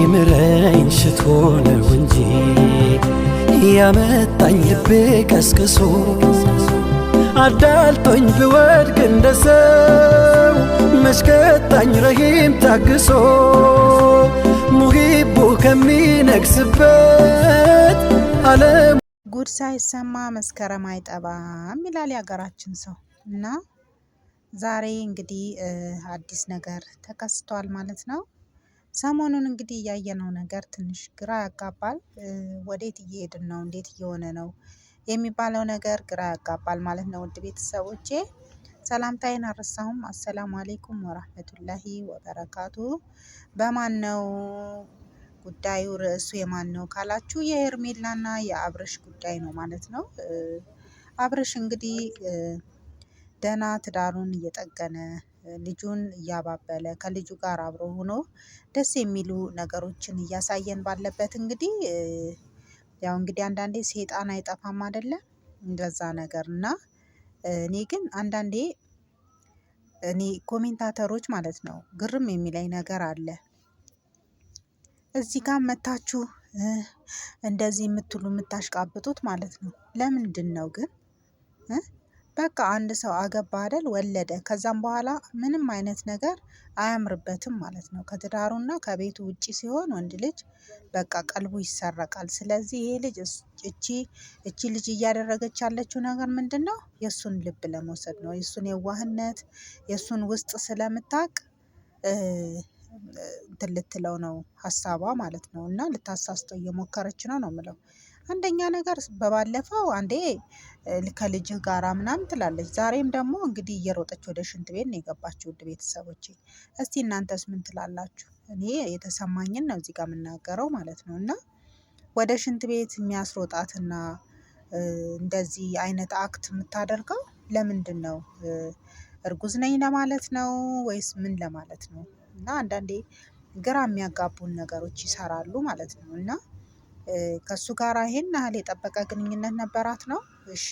ሊምረኝ ሽቶ ነው እንጂ ያመጣኝ ልቤ ቀስቅሶ አዳልጦኝ ብወድቅ እንደ ሰው መሽከጣኝ ረሂም ታግሶ ሙሂቡ ከሚነግስበት ዓለም ጉድ ሳይሰማ መስከረም አይጠባም ይላል የሀገራችን ሰው እና ዛሬ እንግዲህ አዲስ ነገር ተከስቷል ማለት ነው። ሰሞኑን እንግዲህ እያየነው ነገር ትንሽ ግራ ያጋባል። ወዴት እየሄድን ነው? እንዴት እየሆነ ነው የሚባለው ነገር ግራ ያጋባል ማለት ነው። ውድ ቤተሰቦቼ ሰላምታዬን አረሳሁም አሰላሙ አሌይኩም ወራህመቱላሂ ወበረካቱ። በማን ነው ጉዳዩ? ርዕሱ የማን ነው ካላችሁ የሄርሜላና የአብርሽ ጉዳይ ነው ማለት ነው። አብርሽ እንግዲህ ደህና ትዳሩን እየጠገነ ልጁን እያባበለ ከልጁ ጋር አብሮ ሆኖ ደስ የሚሉ ነገሮችን እያሳየን ባለበት እንግዲህ ያው እንግዲህ አንዳንዴ ሴጣን አይጠፋም አይደለም። እንደዛ ነገር እና እኔ ግን አንዳንዴ እኔ ኮሜንታተሮች ማለት ነው ግርም የሚለኝ ነገር አለ። እዚህ ጋር መታችሁ እንደዚህ የምትሉ የምታሽቃብጡት ማለት ነው ለምንድን ነው ግን? በቃ አንድ ሰው አገባ አይደል ወለደ ከዛም በኋላ ምንም አይነት ነገር አያምርበትም ማለት ነው። ከትዳሩና ከቤቱ ውጪ ሲሆን ወንድ ልጅ በቃ ቀልቡ ይሰረቃል። ስለዚህ ይሄ ልጅ እቺ እቺ ልጅ እያደረገች ያለችው ነገር ምንድነው? የእሱን ልብ ለመውሰድ ነው የእሱን የዋህነት የእሱን ውስጥ ስለምታቅ እንትን ልትለው ነው ሀሳቧ ማለት ነው። እና ልታሳስተው እየሞከረች ነው ነው ምለው አንደኛ ነገር በባለፈው አንዴ ከልጅ ጋራ ምናምን ትላለች። ዛሬም ደግሞ እንግዲህ እየሮጠች ወደ ሽንት ቤት ነው የገባችው። ውድ ቤተሰቦች እስቲ እናንተስ ምን ትላላችሁ? እኔ የተሰማኝን ነው እዚህ ጋር የምናገረው ማለት ነው። እና ወደ ሽንት ቤት የሚያስሮጣትና እንደዚህ አይነት አክት የምታደርገው ለምንድን ነው? እርጉዝ ነኝ ለማለት ነው ወይስ ምን ለማለት ነው? እና አንዳንዴ ግራ የሚያጋቡን ነገሮች ይሰራሉ ማለት ነው እና ከእሱ ጋር ይሄን ያህል የጠበቀ ግንኙነት ነበራት ነው? እሺ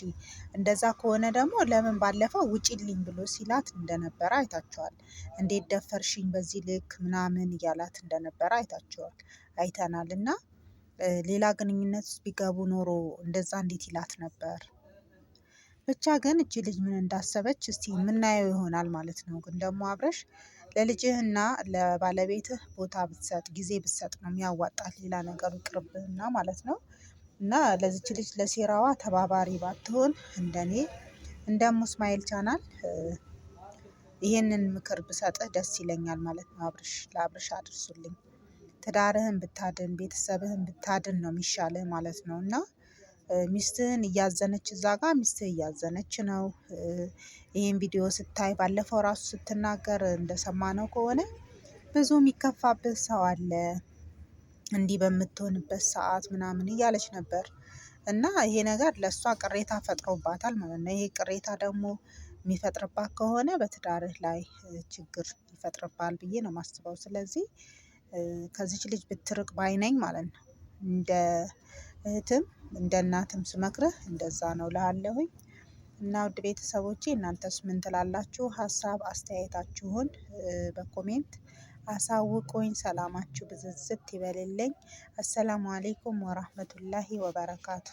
እንደዛ ከሆነ ደግሞ ለምን ባለፈው ውጪልኝ ብሎ ሲላት እንደነበረ አይታቸዋል። እንዴት ደፈርሽኝ በዚህ ልክ ምናምን እያላት እንደነበረ አይታቸዋል አይተናል። እና ሌላ ግንኙነት ቢገቡ ኖሮ እንደዛ እንዴት ይላት ነበር? ብቻ ግን እቺ ልጅ ምን እንዳሰበች እስቲ የምናየው ይሆናል ማለት ነው። ግን ደግሞ አብረሽ ለልጅህና ለባለቤትህ ቦታ ብትሰጥ ጊዜ ብትሰጥ ነው የሚያዋጣት ሌላ ነገሩ ቅርብና ማለት ነው። እና ለዚች ልጅ ለሴራዋ ተባባሪ ባትሆን እንደኔ እንደ እሙ እስማኤል ቻናል ይህንን ምክር ብሰጥህ ደስ ይለኛል ማለት ነው። አብርሽ ለአብርሽ አድርሱልኝ ትዳርህን ብታድን ቤተሰብህን ብታድን ነው የሚሻልህ ማለት ነው። እና ሚስትህን እያዘነች እዛ ጋ ሚስትህ እያዘነች ነው። ይህን ቪዲዮ ስታይ ባለፈው ራሱ ስትናገር እንደሰማነው ከሆነ ብዙ የሚከፋበት ሰው አለ። እንዲህ በምትሆንበት ሰዓት ምናምን እያለች ነበር እና ይሄ ነገር ለእሷ ቅሬታ ፈጥሮባታል ማለት ነው። ይሄ ቅሬታ ደግሞ የሚፈጥርባት ከሆነ በትዳርህ ላይ ችግር ይፈጥርባል ብዬ ነው ማስበው ስለዚህ ከዚች ልጅ ብትርቅ ባይነኝ ማለት ነው። እንደ እህትም እንደ እናትም ስመክርህ እንደዛ ነው እልሃለሁኝ። እና ውድ ቤተሰቦቼ እናንተስ ምን ትላላችሁ? ሀሳብ አስተያየታችሁን በኮሜንት አሳውቁኝ። ሰላማችሁ ብዝዝት ይበልልኝ። አሰላሙ አሌይኩም ወራህመቱላሂ ወበረካቱ